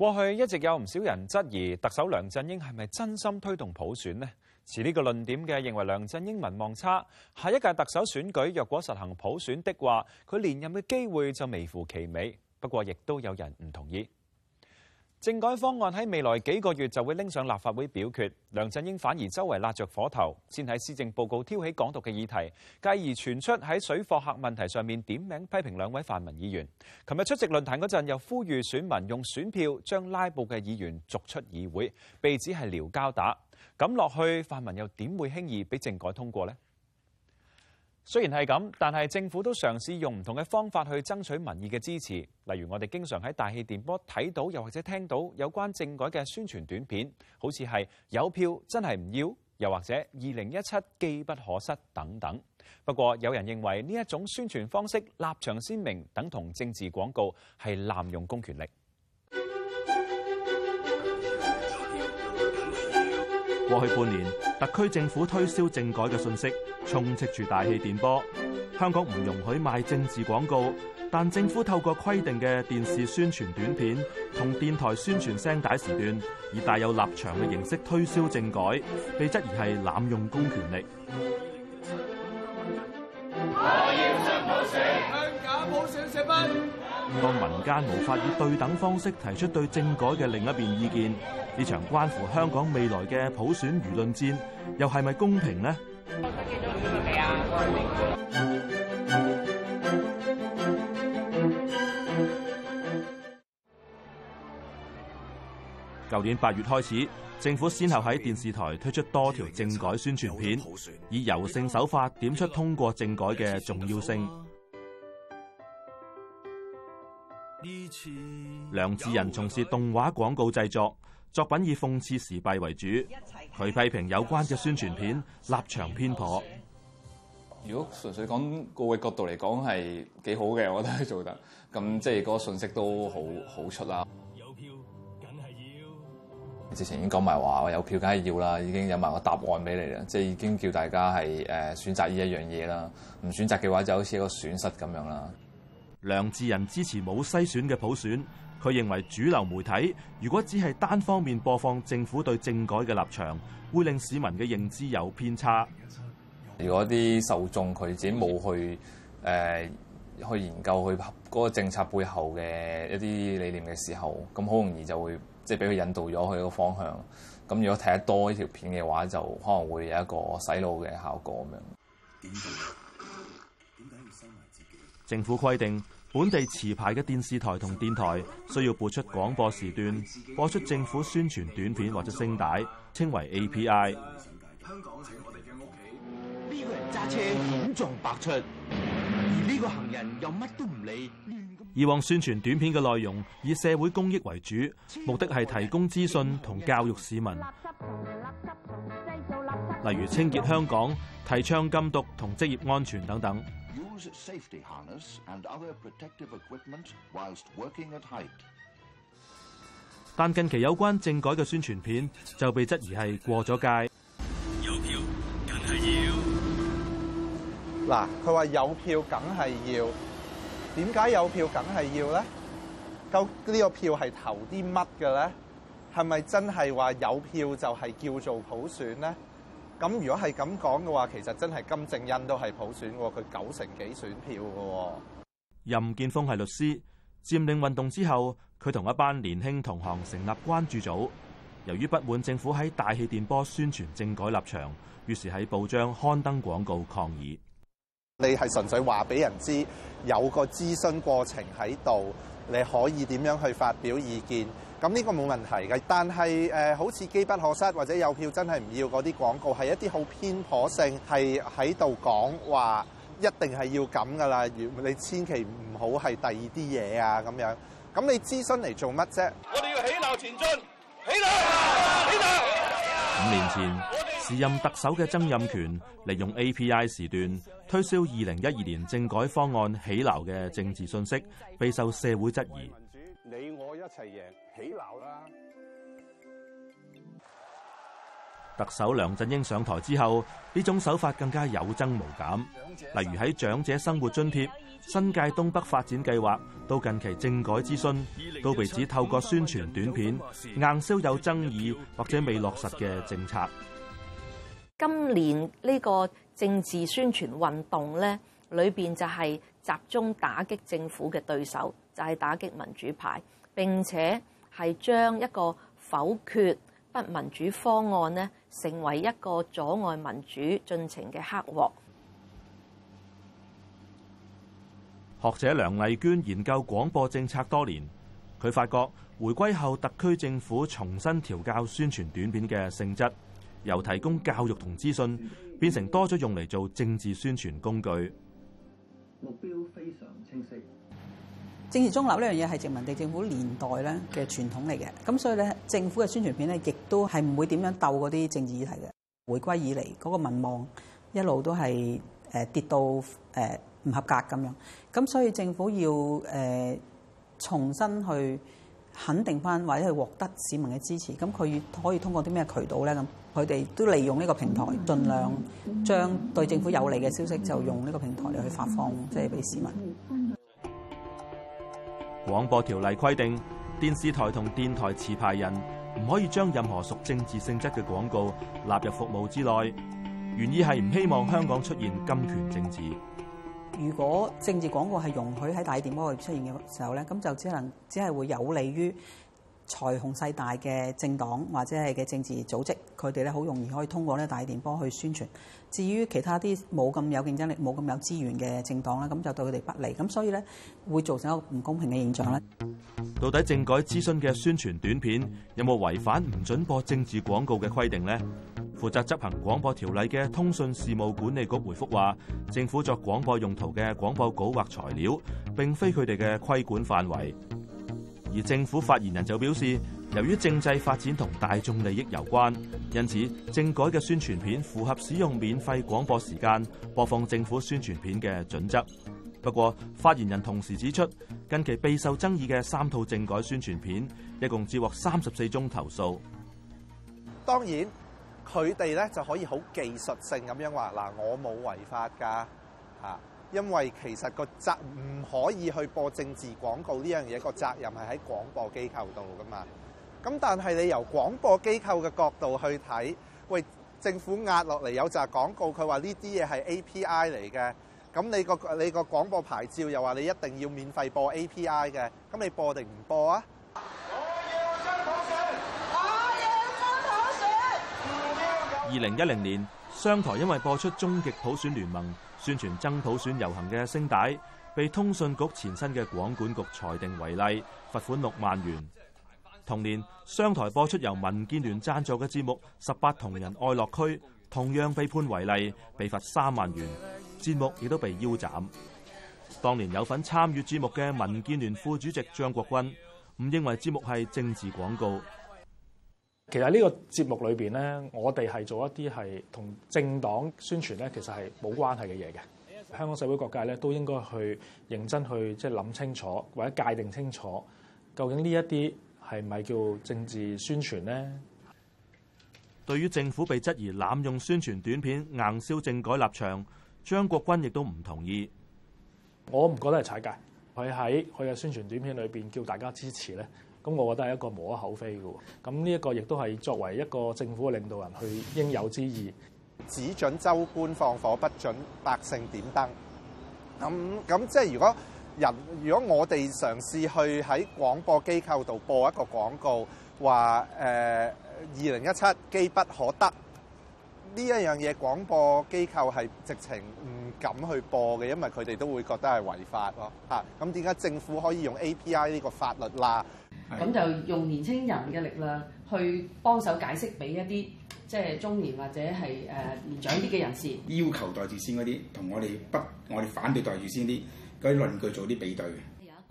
過去一直有唔少人質疑特首梁振英係咪真心推動普選呢？持呢個論點嘅認為梁振英民望差，下一屆特首選舉若果實行普選的話，佢連任嘅機會就微乎其微。不過，亦都有人唔同意。政改方案喺未來幾個月就會拎上立法會表決，梁振英反而周圍辣着火頭，先喺施政報告挑起港獨嘅議題，繼而傳出喺水貨客問題上面點名批評兩位泛民議員。琴日出席論壇嗰陣，又呼籲選民用選票將拉布嘅議員逐出議會，被指係撩交打。咁落去，泛民又點會輕易俾政改通過呢？雖然係咁，但係政府都嘗試用唔同嘅方法去爭取民意嘅支持，例如我哋經常喺大氣電波睇到，又或者聽到有關政改嘅宣傳短片，好似係有票真係唔要，又或者二零一七機不可失等等。不過有人認為呢一種宣傳方式立場鮮明，等同政治廣告，係濫用公權力。過去半年。特區政府推銷政改嘅信息，充斥住大氣電波，香港唔容許賣政治廣告，但政府透過規定嘅電視宣傳短片同電台宣傳聲帶時段，以帶有立場嘅形式推銷政改，被質疑係濫用公權力。我要當民間無法以對等方式提出對政改嘅另一邊意見。呢場關乎香港未來嘅普選輿論戰，又係咪公平呢？我舊年八月開始，政府先後喺電視台推出多條政改宣傳片，以柔性手法點出通過政改嘅重要性。呢次梁智仁從事動畫廣告製作。作品以諷刺時弊為主，佢批評有關嘅宣傳片立場偏頗。如果純粹講個位角度嚟講，係幾好嘅，我覺得係做得咁，即係嗰個信息都好好出啦。有票梗係要，之前已經講埋話，有票梗係要啦，已經有埋個答案俾你啦，即係已經叫大家係誒選擇呢一樣嘢啦，唔選擇嘅話就好似一個損失咁樣啦。梁智仁支持冇篩選嘅普選。佢認為主流媒體如果只係單方面播放政府對政改嘅立場，會令市民嘅認知有偏差。如果啲受眾佢自己冇去誒、呃、去研究去嗰個政策背後嘅一啲理念嘅時候，咁好容易就會即係俾佢引導咗佢個方向。咁如果睇得多呢條片嘅話，就可能會有一個洗腦嘅效果咁樣。點解？點解要收埋自己？政府規定。本地持牌嘅電視台同電台需要撥出廣播時段，播出政府宣傳短片或者聲帶稱為 API。香港係我哋嘅屋企，呢個人揸車險象百出，而呢個行人又乜都唔理。以往宣傳短片嘅內容以社會公益為主，目的係提供資訊同教育市民，例如清潔香港、提倡禁毒同職業安全等等。Safety harness and other protective equipment whilst working at height. 但近期有關政改嘅宣傳片就被質疑係過咗界。有票梗係要，嗱，佢話有票梗係要，點解有票梗係要咧？究竟呢個票係投啲乜嘅咧？係咪真係話有票就係叫做普選咧？咁如果係咁講嘅話，其實真係金正恩都係普選喎，佢九成幾選票喎。任建峰係律師，佔領運動之後，佢同一班年輕同行成立關注組。由於不滿政府喺大氣電波宣傳政改立場，於是喺報章刊登廣告抗議。你係純粹話俾人知有個諮詢過程喺度，你可以點樣去發表意見。咁呢個冇問題嘅，但係誒好似機不可失或者有票真係唔要嗰啲廣告，係一啲好偏頗性，係喺度講話一定係要咁噶啦，你千祈唔好係第二啲嘢啊咁樣。咁你諮詢嚟做乜啫？我哋要起錨前進，起錨，起錨。五年前，時任特首嘅曾蔭權利用 API 時段推銷二零一二年政改方案起錨嘅政治信息，備受社會質疑。你我一齊贏，起鬧錨啦！特首梁振英上台之後，呢種手法更加有增無減。例如喺長者生活津貼、新界東北發展計劃，到近期政改諮詢，都被指透過宣傳短片硬銷有爭議或者未落實嘅政策。今年呢個政治宣傳運動呢，裏邊就係集中打擊政府嘅對手。大打擊民主牌，並且係將一個否決不民主方案咧，成為一個阻礙民主進程嘅黑鑊。學者梁麗娟研究廣播政策多年，佢發覺回歸後特區政府重新調教宣傳短片嘅性質，由提供教育同資訊變成多咗用嚟做政治宣傳工具。目標非常清晰。政治中立呢樣嘢係殖民地政府年代咧嘅傳統嚟嘅，咁所以咧政府嘅宣傳片咧，亦都係唔會點樣鬥嗰啲政治議題嘅。回歸以嚟嗰個民望一路都係、呃、跌到、呃、唔合格咁樣，咁所以政府要、呃、重新去肯定翻或者去獲得市民嘅支持，咁佢可以通過啲咩渠道咧？咁佢哋都利用呢個平台，盡量將對政府有利嘅消息就用呢個平台嚟去發放，即係俾市民。廣播條例規定，電視台同電台持牌人唔可以將任何屬政治性質嘅廣告納入服務之內，原意係唔希望香港出現金權政治。如果政治廣告係容許喺大氣電波出現嘅時候咧，咁就只能只係會有利於。財雄勢大嘅政黨或者係嘅政治組織，佢哋咧好容易可以通過呢大電波去宣傳。至於其他啲冇咁有競爭力、冇咁有，有資源嘅政黨咧，咁就對佢哋不利。咁所以咧會造成一個唔公平嘅現象。咧。到底政改諮詢嘅宣傳短片有冇違反唔準播政治廣告嘅規定呢？負責執行廣播條例嘅通訊事務管理局回覆話：政府作廣播用途嘅廣播稿或材料，並非佢哋嘅規管範圍。而政府發言人就表示，由於政制發展同大眾利益有關，因此政改嘅宣傳片符合使用免費廣播時間播放政府宣傳片嘅準則。不過，發言人同時指出，近期備受爭議嘅三套政改宣傳片，一共接獲三十四宗投訴。當然，佢哋咧就可以好技術性咁樣話：嗱，我冇違法㗎，吓。因為其實個責唔可以去播政治廣告呢樣嘢，個責任係喺廣播機構度㗎嘛。咁但係你由廣播機構嘅角度去睇，喂，政府壓落嚟有集廣告，佢話呢啲嘢係 API 嚟嘅。咁你個你個廣播牌照又話你一定要免費播 API 嘅，咁你播定唔播啊？我我要要二零一零年。商台因為播出《終極普選聯盟》宣傳爭普選遊行嘅聲帶，被通訊局前身嘅廣管局裁定違例，罰款六萬元。同年，商台播出由民建聯贊助嘅節目《十八仝人愛落區》，同樣被判違例，被罰三萬元，節目亦都被腰斬。當年有份參與節目嘅民建聯副主席張國鈞唔認為節目係政治廣告。其實呢個節目裏邊呢，我哋係做一啲係同政黨宣傳呢，其實係冇關係嘅嘢嘅。香港社會各界呢，都應該去認真去即係諗清楚，或者界定清楚，究竟呢一啲係咪叫政治宣傳呢？對於政府被質疑濫用宣傳短片硬銷政改立場，張國軍亦都唔同意。我唔覺得係踩界，佢喺佢嘅宣傳短片裏邊叫大家支持呢。咁，我覺得係一個無可厚非嘅喎。咁呢一個亦都係作為一個政府嘅領導人去應有之義，只準州官放火，不準百姓點燈。咁咁即係如果人如果我哋嘗試去喺廣播機構度播一個廣告，話，誒二零一七機不可得呢一樣嘢，廣播機構係直情唔敢去播嘅，因為佢哋都會覺得係違法咯。嚇咁點解政府可以用 API 呢個法律啦？咁就用年青人嘅力量去幫手解釋，俾一啲即係中年或者係誒，年長啲嘅人士，要求代住先嗰啲，同我哋不我哋反對代住先啲嗰啲論據做啲比對。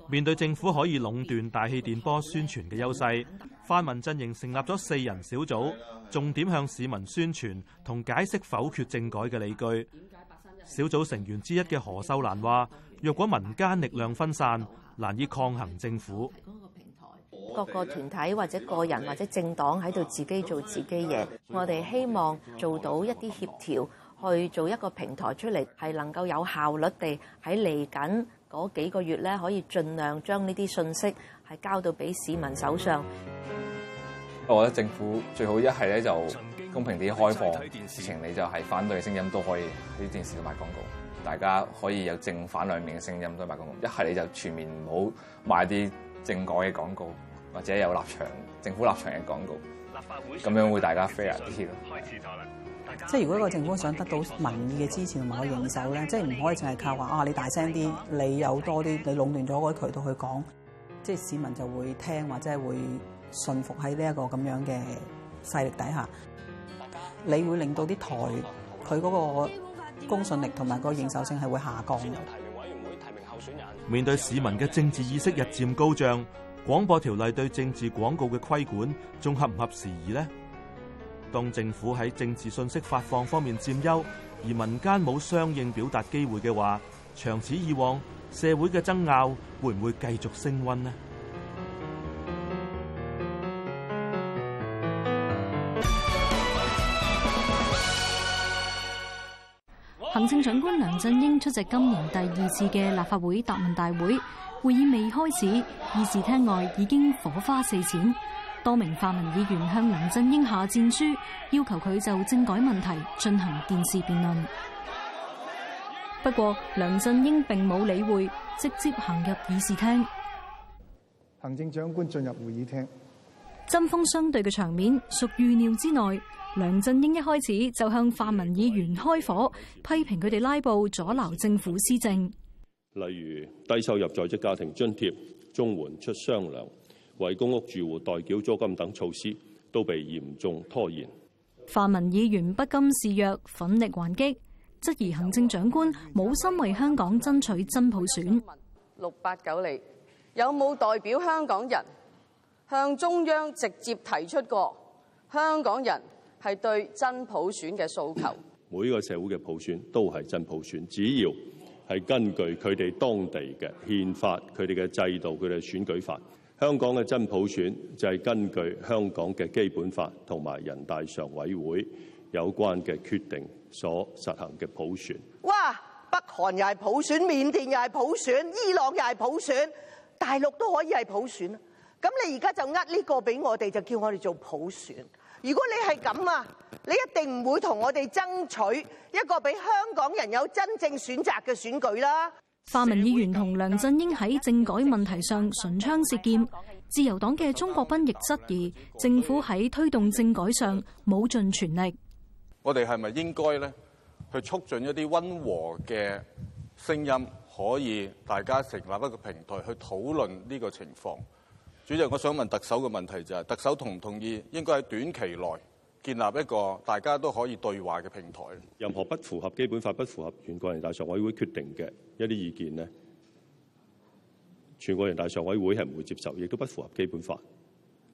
面對政府可以壟斷大氣電波宣傳嘅優勢，泛民陣營成立咗四人小組，重點向市民宣傳同解釋否決政改嘅理據。小組成員之一嘅何秀蘭話：「若果民間力量分散，難以抗衡政府。各個團體或者個人或者政黨喺度自己做自己嘢，我哋希望做到一啲協調，去做一個平台出嚟，係能夠有效率地喺嚟緊嗰幾個月咧，可以盡量將呢啲信息係交到俾市民手上。我覺得政府最好一係咧就公平啲開放，事情你就係反對嘅聲音都可以喺電視度賣廣告，大家可以有正反兩面嘅聲音都賣廣告。一係你就全面唔好賣啲政改嘅廣告。或者有立場政府立場嘅廣告，立法會咁樣會大家 fair 啲咯。即係如果一個政府想得到民意嘅支持同埋可以認受咧，即係唔可以淨係靠話啊！你大聲啲，你有多啲，你壟斷咗嗰啲渠道去講，即係市民就會聽或者會信服喺呢一個咁樣嘅勢力底下。你會令到啲台佢嗰個公信力同埋個認受性係會下降。面對市民嘅政治意識日漸高漲。廣播條例對政治廣告嘅規管，仲合唔合時宜呢？當政府喺政治信息發放方面佔優，而民間冇相應表達機會嘅話，長此以往，社會嘅爭拗會唔會繼續升溫呢？行政長官梁振英出席今年第二次嘅立法會答問大會。會議未開始，議事廳外已經火花四濺，多名泛民議員向梁振英下戰書，要求佢就政改問題進行電視辯論。不過梁振英並冇理會，直接行入議事廳。行政長官進入會議廳，針鋒相對嘅場面屬預料之內。梁振英一開始就向泛民議員開火，批評佢哋拉布阻撓政府施政。例如低收入在職家庭津貼綜援出雙糧為公屋住戶代繳租金等措施，都被嚴重拖延。泛民議員不甘示弱，奮力還擊，質疑行政長官冇心為香港爭取真普選。六八九零，有冇代表香港人向中央直接提出過香港人係對真普選嘅訴求？每個社會嘅普選都係真普選只要。係根據佢哋當地嘅憲法、佢哋嘅制度、佢哋嘅選舉法。香港嘅真普選就係根據香港嘅基本法同埋人大常委會有關嘅決定所實行嘅普選。哇！北韓又係普選，緬甸又係普選，伊朗又係普選，大陸都可以係普選。咁你而家就呃呢個俾我哋，就叫我哋做普選。如果你係咁啊，你一定唔會同我哋爭取一個俾香港人有真正選擇嘅選舉啦。泛民議員同梁振英喺政改問題上唇槍舌劍，自由黨嘅鍾國斌亦質疑政府喺推動政改上冇盡全，全力。我哋係咪應該咧去促進一啲溫和嘅聲音，可以大家成立一個平台去討論呢個情況？主席，我想問特首嘅問題就係、是，特首同唔同意應該喺短期內建立一個大家都可以對話嘅平台？任何不符合基本法、不符合全國人大常委會決定嘅一啲意見呢？全國人大常委會係唔會接受，亦都不符合基本法，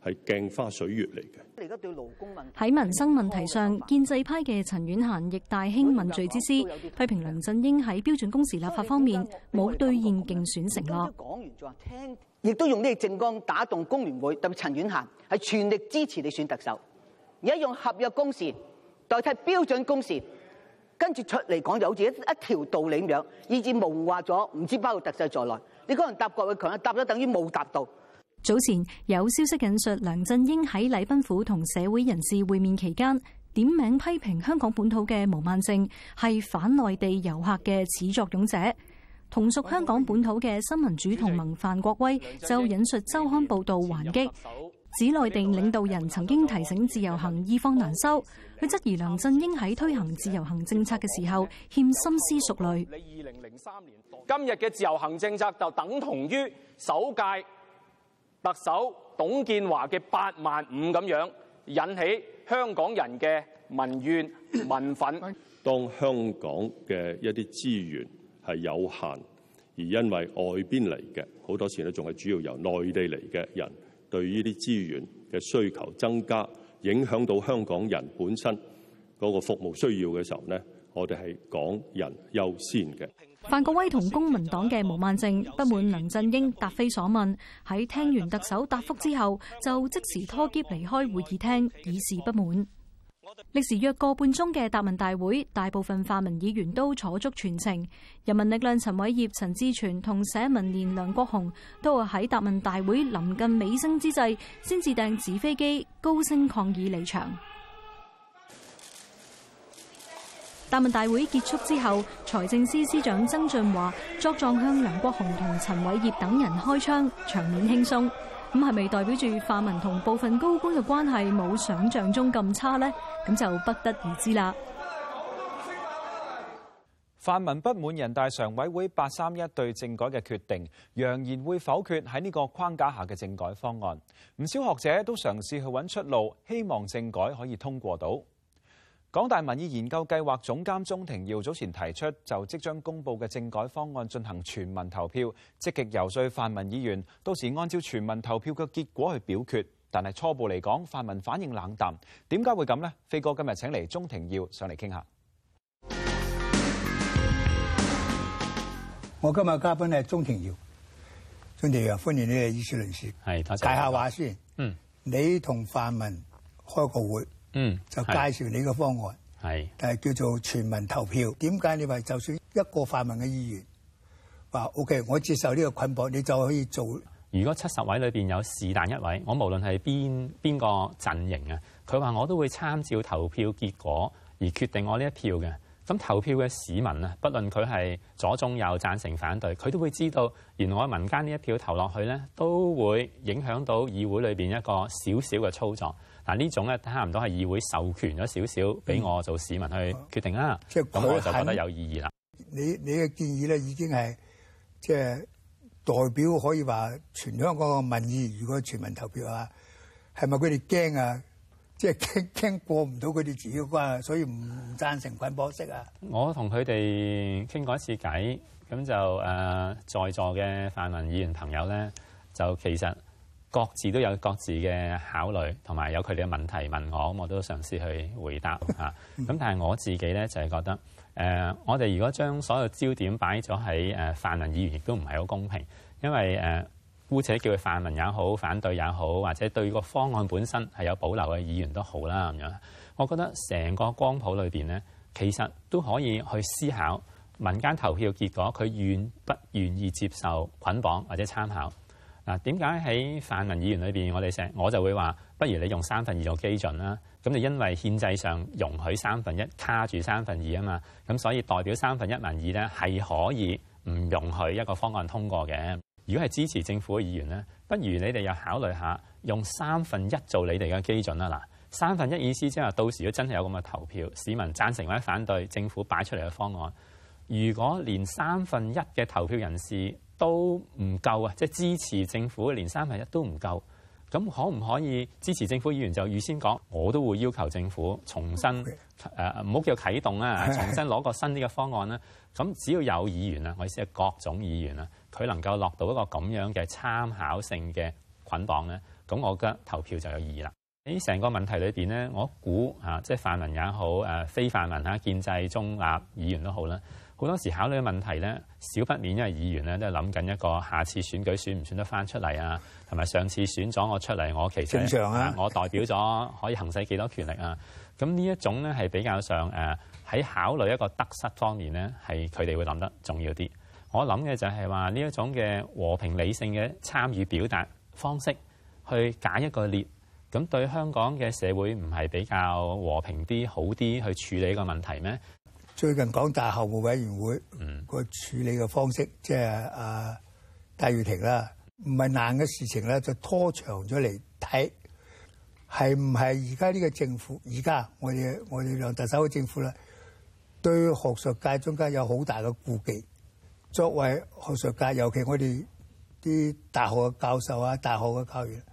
係鏡花水月嚟嘅。喺民生問題上，建制派嘅陳婉嫻亦大興問罪之師，批評梁振英喺標準工時立法方面冇兌現競選承諾。亦都用呢個政綱打動工聯會，特別陳婉嫻係全力支持你選特首。而家用合約工時代替標準工時，跟住出嚟講就好似一,一條道理咁樣，以致模糊咗，唔知道包括特首在內。你可能答國會議員答咗，等於冇答到。早前有消息引述梁振英喺禮賓府同社會人士會面期間，點名批評香港本土嘅毛孟靜係反內地遊客嘅始作俑者。同屬香港本土嘅新民主同盟范國威就引述周刊報道還擊，指內地領導人曾經提醒自由行易放難收，佢質疑梁振英喺推行自由行政策嘅時候欠深思熟慮。你二零零三年今日嘅自由行政策就等同於首屆特首董建華嘅八萬五咁樣，引起香港人嘅民怨民憤。當香港嘅一啲資源。係有限，而因為外邊嚟嘅好多時咧，仲係主要由內地嚟嘅人對於呢啲資源嘅需求增加，影響到香港人本身嗰個服務需要嘅時候呢，我哋係港人優先嘅。范國威同公民黨嘅毛孟靜不滿梁振英答非所問，喺聽完特首答覆之後，就即時拖攏離開會議廳，以示不滿。歷時約個半鐘嘅答問大會，大部分泛民議員都坐足全程。人民力量陳偉業、陳志全同社民連梁國雄都會喺答問大會臨近尾聲之際，先至掟紙飛機、高聲抗議離場。答問大會結束之後，財政司司長曾俊華作狀向梁國雄同陳偉業等人開槍，場面輕鬆。咁係咪代表住泛民同部分高官嘅關係冇想象中咁差呢？咁就不得而知啦。泛民不滿人大常委會八三一對政改嘅決定，揚言會否決喺呢個框架下嘅政改方案。唔少學者都嘗試去揾出路，希望政改可以通過到。港大民意研究計劃總監鍾庭耀早前提出，就即將公布嘅政改方案進行全民投票，積極遊說泛民議員，到時按照全民投票嘅結果去表決。但係初步嚟講，泛民反應冷淡，點解會咁呢？飛哥今日請嚟鍾庭耀上嚟傾下。我今日嘉賓係鍾庭耀，鍾庭耀歡迎你嚟議事論事，係解下話先。嗯，你同泛民開個會。嗯，就介紹你個方案，係，但係叫做全民投票。點解你話就算一個泛民嘅議員話 OK，我接受呢個捆綁，你就可以做？如果七十位裏邊有是但一位，我無論係邊邊個陣營啊，佢話我都會參照投票結果而決定我呢一票嘅。咁投票嘅市民啊，不論佢係左、中、右，贊成、反對，佢都會知道，原來民間呢一票投落去咧，都會影響到議會裏邊一個小小嘅操作。嗱，呢種咧，差唔多係議會授權咗少少俾我做市民去決定啦。咁、嗯啊啊啊啊啊、我就覺得有意義啦。你你嘅建議咧已經係即係代表可以話全香港嘅民意。如果全民投票是不是他們怕啊，係咪佢哋驚啊？即係傾傾過唔到佢哋自己嗰關，所以唔唔贊成滾波式啊？我同佢哋傾過一次偈，咁就誒、呃、在座嘅泛民議員朋友咧，就其實，各自都有各自嘅考慮，同埋有佢哋嘅問題問我，我都嘗試去回答嚇。咁但係我自己咧就係、是、覺得，誒、呃，我哋如果將所有焦點擺咗喺誒泛民議員，亦都唔係好公平，因為誒姑且叫佢泛民也好，反對也好，或者對個方案本身係有保留嘅議員都好啦。咁樣，我覺得成個光譜裏邊咧，其實都可以去思考民間投票結果，佢願不願意接受捆綁或者參考。嗱，點解喺泛民議員裏邊，我哋成我就會話，不如你用三分二做基準啦。咁就因為憲制上容許三分一卡住三分二啊嘛，咁所以代表三分一民意咧係可以唔容許一個方案通過嘅。如果係支持政府嘅議員咧，不如你哋又考慮下用三分一做你哋嘅基準啦。嗱，三分一意思即係話，到時都真係有咁嘅投票，市民贊成或者反對政府擺出嚟嘅方案，如果連三分一嘅投票人士，都唔夠啊！即係支持政府連三分一都唔夠，咁可唔可以支持政府？議員就預先講，我都會要求政府重新誒，唔好叫啟動啦，重新攞個新啲嘅方案啦。咁只要有議員啊，我意思係各種議員啊，佢能夠落到一個咁樣嘅參考性嘅捆綁咧，咁我覺得投票就有意義啦。喺成個問題裏邊咧，我估嚇、啊，即係泛民也好，誒、啊、非泛民啊，建制中立議員都好啦。好多時考慮嘅問題咧，少不免因為議員咧都係諗緊一個下次選舉選唔選得翻出嚟啊，同埋上次選咗我出嚟，我其實正常啊，我代表咗可以行使幾多權力啊。咁呢一種咧係比較上誒喺考慮一個得失方面咧，係佢哋會諗得重要啲。我諗嘅就係話呢一種嘅和平理性嘅參與表達方式，去揀一個列咁對香港嘅社會唔係比較和平啲好啲去處理個問題咩？最近港大校務委員會個處理嘅方式，嗯、即係啊戴耀廷啦，唔係難嘅事情咧，就拖長咗嚟睇，係唔係而家呢個政府，而家我哋我哋兩特首嘅政府咧，對學術界中間有好大嘅顧忌。作為學術界，尤其我哋啲大學嘅教授啊、大學嘅教員，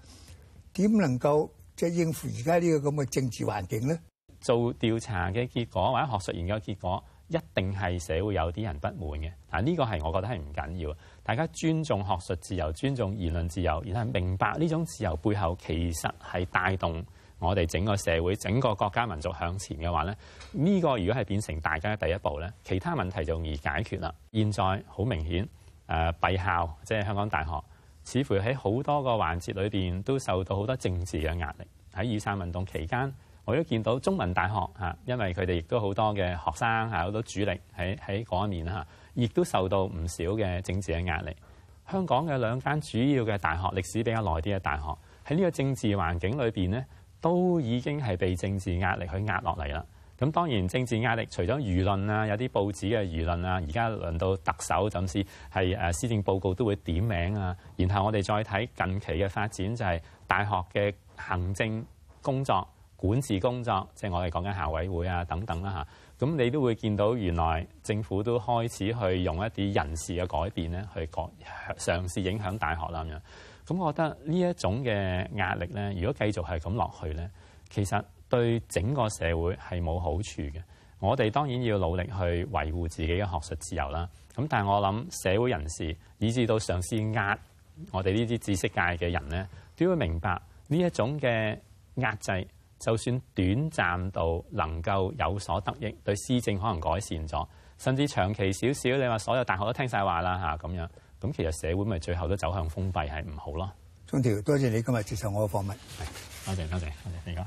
點能夠即係應付而家呢個咁嘅政治環境咧？做調查嘅結果或者學術研究結果一定係社會有啲人不滿嘅，嗱呢個係我覺得係唔緊要，大家尊重學術自由、尊重言論自由，然後明白呢種自由背後其實係帶動我哋整個社會、整個國家民族向前嘅話咧，呢個如果係變成大家嘅第一步咧，其他問題就容易解決啦。現在好明顯，誒、呃，閉校即係香港大學，似乎喺好多個環節裏面都受到好多政治嘅壓力，喺雨傘運動期間。我都見到中文大學嚇，因為佢哋亦都好多嘅學生嚇，好多主力喺喺嗰一面嚇，亦都受到唔少嘅政治嘅壓力。香港嘅兩間主要嘅大學，歷史比較耐啲嘅大學喺呢個政治環境裏邊咧，都已經係被政治壓力去壓落嚟啦。咁當然政治壓力除咗輿論啊，有啲報紙嘅輿論啊，而家輪到特首甚至係誒施政報告都會點名啊。然後我哋再睇近期嘅發展，就係大學嘅行政工作。管治工作，即係我哋講緊校委會啊，等等啦吓，咁你都會見到，原來政府都開始去用一啲人事嘅改變咧，去嘗嘗試影響大學啦咁樣，咁我覺得呢一種嘅壓力咧，如果繼續係咁落去咧，其實對整個社會係冇好處嘅。我哋當然要努力去維護自己嘅學術自由啦。咁但係我諗社會人士以至到嘗試壓我哋呢啲知識界嘅人咧，都會明白呢一種嘅壓制。就算短暫到能夠有所得益，對施政可能改善咗，甚至長期少少，你話所有大學都聽晒話啦嚇咁樣，咁其實社會咪最後都走向封閉，係唔好咯。鍾庭，多謝你今日接受我嘅訪問。係，多謝多謝，而家。